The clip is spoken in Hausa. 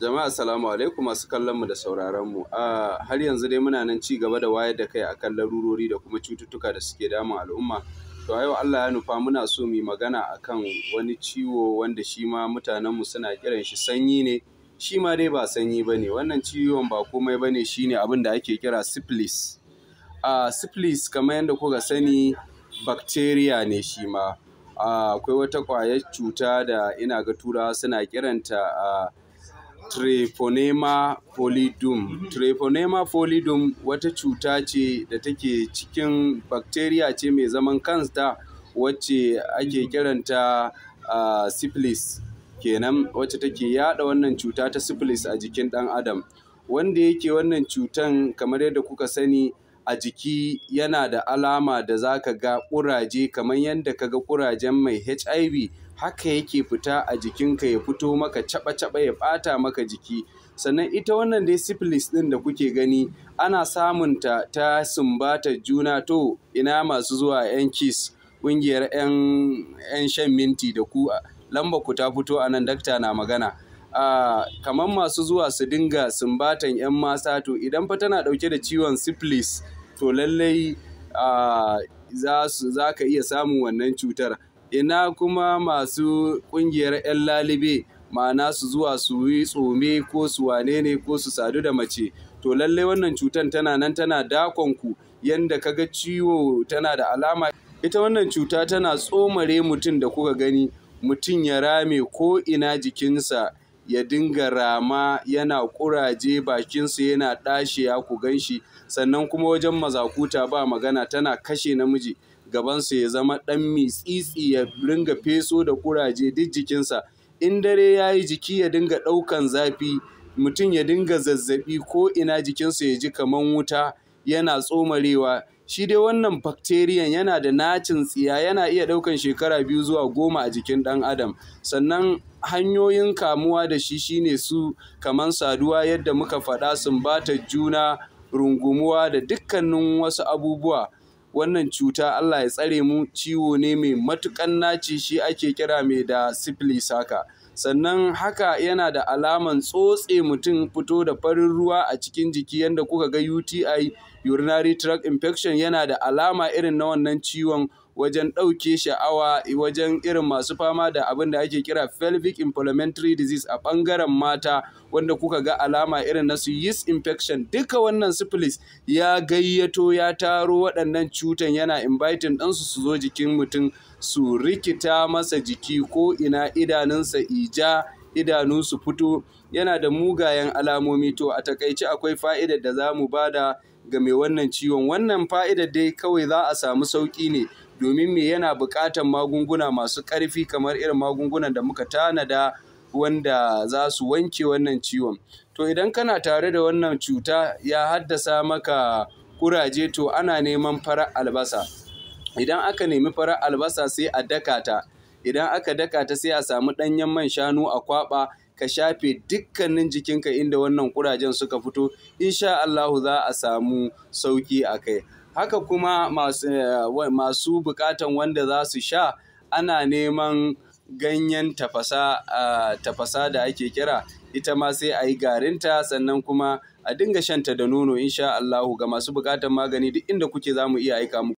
Jama'a assalamu alaikum masu kallon mu da sauraron mu. Ah, har yanzu dai muna nan ci gaba da wayar da kai akan larurori da kuma cututtuka da suke damun al'umma. To yau Allah ya nufa muna so mu magana akan wani ciwo wanda shi ma mutanen mu suna kiran shi sanyi ne. Shi ma dai ba sanyi bane. Wannan ciwon ba komai bane shine abin da ake kira syphilis. a ah, syphilis kamar yadda kuka sani bacteria ne shi ma. Ah, akwai wata ƙwayar cuta da ina ga turawa suna kiranta a treponema polydum. treponema polydum wata cuta ce da take cikin bacteria ce mai zaman kanta wacce ake kiranta uh, syphilis kenan wacce take yada wannan cuta ta syphilis a jikin ɗan adam wanda yake wannan cutan kamar yadda kuka sani a jiki yana da alama da za ka ga ƙuraje kamar yadda ka ga ƙurajen mai HIV haka yake fita a jikinka ya fito maka caɓa-caɓa ya ɓata maka jiki. Sannan ita wannan dai syphilis ɗin da kuke gani ana samunta ta sumbatar juna to ina masu zuwa 'yan kis ƙungiyar 'yan shan minti da ku lamba ku ta fito a nan dakta na magana. kamar masu zuwa su dinga sumbatan 'yan mata to idan fa tana dauke da ciwon syphilis to lallai za ka iya samun wannan cutar ina kuma masu ƙungiyar 'yan lalibe ma'ana su zuwa su yi tsome ko su wane ne ko su sadu da mace to lallai wannan cutar tana nan tana dakonku yadda ka ga ciwo tana da alama ita wannan cuta tana tsomare mutum da kuka gani mutum ya rame ko ina jikinsa ya dinga rama yana kuraje bakinsu yana ya ku shi sannan kuma wajen mazakuta ba magana tana kashe namiji gabansu ya zama ɗan mitsitsi ya ringa feso da kuraje duk jikinsa in dare ya yi jiki ya dinga ɗaukan zafi mutum ya dinga zazzaɓi ko ina jikinsa ya ji kaman wuta yana tsomarewa shi dai wannan bakteriyan yana da nacin tsiya yana iya ɗaukan shekara biyu zuwa goma a jikin ɗan adam sannan hanyoyin kamuwa da shi shine su kaman saduwa yadda muka faɗa sumbatar juna rungumuwa da dukkanin wasu abubuwa wannan cuta Allah ya tsare mu ciwo ne mai matukan naci shi ake kira mai da sifili saka, sannan haka yana da alaman tsotse mutum fito da farin ruwa a cikin jiki yadda kuka ga UTI urinary tract infection yana da alama irin na wannan ciwon wajen ɗauke sha'awa wajen irin masu fama da abin da ake kira pelvic inflammatory disease a ɓangaren mata wanda kuka ga alama irin na su yeast infection duka wannan syphilis ya gayyato ya taro waɗannan cutan yana inviting ɗansu su zo jikin mutum su rikita masa jiki ko ina idanunsa ija idanu su fito yana da mugayen alamomi to a takaice akwai fa'idar da za mu bada ga mai wannan ciwon wannan fa'idar dai kawai za a samu sauƙi ne domin me yana buƙatar magunguna masu ƙarfi kamar irin magungunan da muka tanada wanda za su wanke wannan ciwon to idan kana tare da wannan cuta ya haddasa maka kuraje to ana neman fara albasa idan aka nemi farar albasa sai a daka ta idan aka daka ta sai a samu ɗanyen man shanu a kwaɓa ka shafe dukkanin jikinka inda wannan kurajen suka fito insha Allahu za a samu sauki a kai haka kuma masu eh, bukatan wanda za su sha ana neman ganyen tafasa, ah, tafasa da ake kira ita ma sai a yi garinta sannan kuma a dinga shanta da nono insha Allahu ga masu bukatan magani duk inda kuke za mu iya aika muku